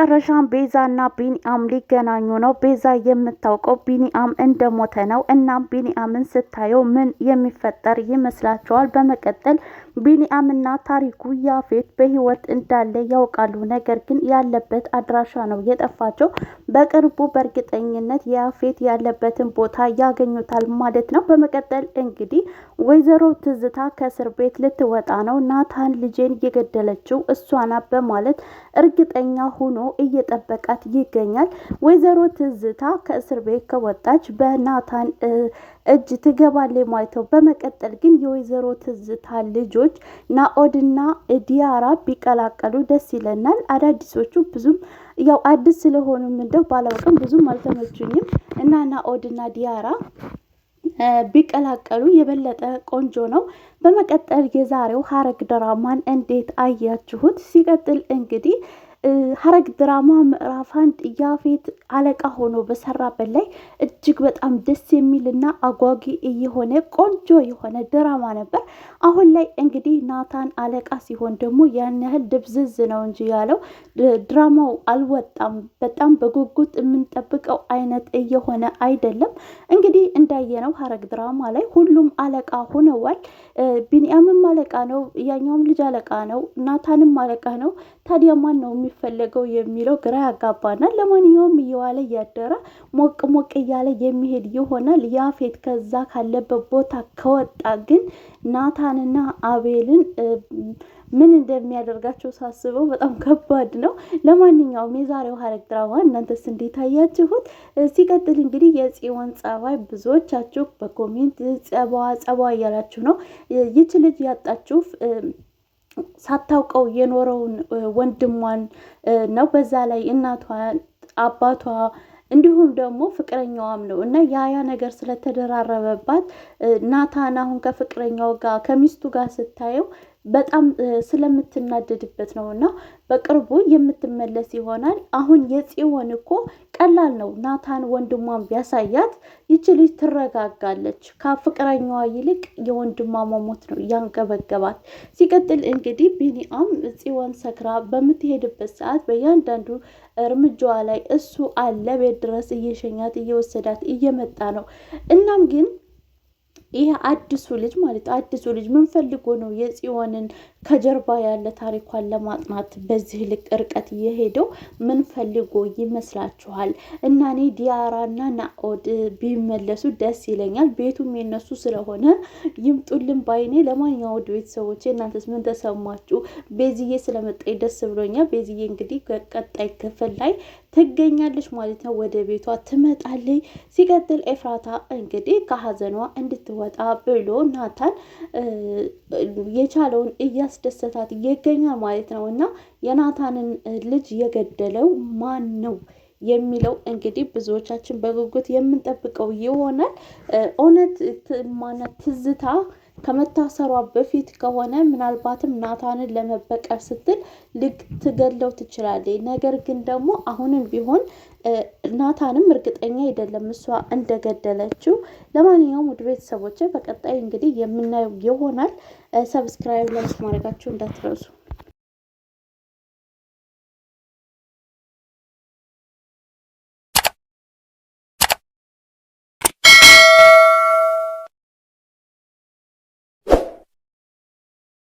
በመጨረሻም ቤዛና ቢኒአም ሊገናኙ ነው። ቤዛ የምታውቀው ቢኒአም እንደሞተ ነው። እናም ቢኒአምን ስታየው ምን የሚፈጠር ይመስላቸዋል? በመቀጠል ቢኒአምና ታሪኩ ያፌት በህይወት እንዳለ ያውቃሉ። ነገር ግን ያለበት አድራሻ ነው የጠፋቸው። በቅርቡ በእርግጠኝነት ያፌት ያለበትን ቦታ ያገኙታል ማለት ነው። በመቀጠል እንግዲህ ወይዘሮ ትዝታ ከእስር ቤት ልትወጣ ነው። ናታን ልጄን የገደለችው እሷ ናት በማለት እርግጠኛ ሆኖ እየጠበቃት ይገኛል። ወይዘሮ ትዝታ ከእስር ቤት ከወጣች በናታን እጅ ትገባለች ማይተው በመቀጠል ግን የወይዘሮ ትዝታ ልጆች ናኦድና ዲያራ ቢቀላቀሉ ደስ ይለናል። አዳዲሶቹ ብዙም ያው አዲስ ስለሆኑም እንደው ባላውቅም ብዙም አልተመቹኝም እና ናኦድና ዲያራ ቢቀላቀሉ የበለጠ ቆንጆ ነው። በመቀጠል የዛሬው ሀረግ ድራማን እንዴት አያችሁት? ሲቀጥል እንግዲህ ሀረግ ድራማ ምዕራፍ አንድ ያፌት አለቃ ሆኖ በሰራበት ላይ እጅግ በጣም ደስ የሚልና አጓጊ እየሆነ ቆንጆ የሆነ ድራማ ነበር። አሁን ላይ እንግዲህ ናታን አለቃ ሲሆን ደግሞ ያን ያህል ድብዝዝ ነው እንጂ ያለው ድራማው አልወጣም። በጣም በጉጉት የምንጠብቀው አይነት እየሆነ አይደለም። እንግዲህ እንዳየነው ሀረግ ድራማ ላይ ሁሉም አለቃ ሆነዋል። ቢንያምም አለቃ ነው፣ ያኛውም ልጅ አለቃ ነው፣ ናታንም አለቃ ነው። ታዲያ ማን ነው የሚፈለገው የሚለው ግራ ያጋባናል። ለማንኛውም እየዋለ እያደረ ሞቅ ሞቅ እያለ የሚሄድ ይሆናል። ያፌት ከዛ ካለበት ቦታ ከወጣ ግን ናታንና አቤልን ምን እንደሚያደርጋቸው ሳስበው በጣም ከባድ ነው። ለማንኛውም የዛሬው ሐረግ ድራማ እናንተስ እንዴት አያችሁት? ሲቀጥል እንግዲህ የጽዮን ጸባይ ብዙዎቻችሁ በኮሜንት ጸባዋ ጸባዋ እያላችሁ ነው። ይች ልጅ ያጣችሁ ሳታውቀው የኖረውን ወንድሟን ነው። በዛ ላይ እናቷ፣ አባቷ እንዲሁም ደግሞ ፍቅረኛዋም ነው እና ያያ ነገር ስለተደራረበባት ናታን አሁን ከፍቅረኛው ጋር ከሚስቱ ጋር ስታየው በጣም ስለምትናደድበት ነው እና በቅርቡ የምትመለስ ይሆናል። አሁን የጽዮን እኮ ቀላል ነው። ናታን ወንድሟን ቢያሳያት ይች ልጅ ትረጋጋለች። ከፍቅረኛዋ ይልቅ የወንድሟ መሞት ነው ያንገበገባት። ሲቀጥል እንግዲህ ቢኒአም ጽዮን ሰክራ በምትሄድበት ሰዓት በእያንዳንዱ እርምጃዋ ላይ እሱ አለ ቤት ድረስ እየሸኛት እየወሰዳት እየመጣ ነው እናም ግን ይህ አዲሱ ልጅ ማለት አዲሱ ልጅ ምን ፈልጎ ነው የጽዮንን ከጀርባ ያለ ታሪኳን ለማጥናት በዚህ ልቅ እርቀት የሄደው ምን ፈልጎ ይመስላችኋል? እና እኔ ዲያራና ናኦድ ቢመለሱ ደስ ይለኛል። ቤቱም የነሱ ስለሆነ ይምጡልን ባይኔ። ለማንኛውም ውድ ቤተሰቦች እናንተስ ምን ተሰማችሁ? ቤዝዬ ስለመጣኝ ደስ ብሎኛል። ቤዝዬ እንግዲህ በቀጣይ ክፍል ላይ ትገኛለች ማለት ነው። ወደ ቤቷ ትመጣለች። ሲቀጥል ኤፍራታ እንግዲህ ከሀዘኗ እንድትሆ እንወጣ ብሎ ናታን የቻለውን እያስደሰታት ይገኛል ማለት ነው። እና የናታንን ልጅ የገደለው ማን ነው የሚለው እንግዲህ ብዙዎቻችን በጉጉት የምንጠብቀው ይሆናል። እውነት ማነት ትዝታ ከመታሰሯ በፊት ከሆነ ምናልባትም ናታንን ለመበቀር ስትል ልትገለው ትችላለች። ነገር ግን ደግሞ አሁንም ቢሆን ናታንም እርግጠኛ አይደለም እሷ እንደገደለችው። ለማንኛውም ውድ ቤተሰቦች በቀጣይ እንግዲህ የምናየው ይሆናል። ሰብስክራይብ ለስ ማድረጋችሁ እንዳትረሱ።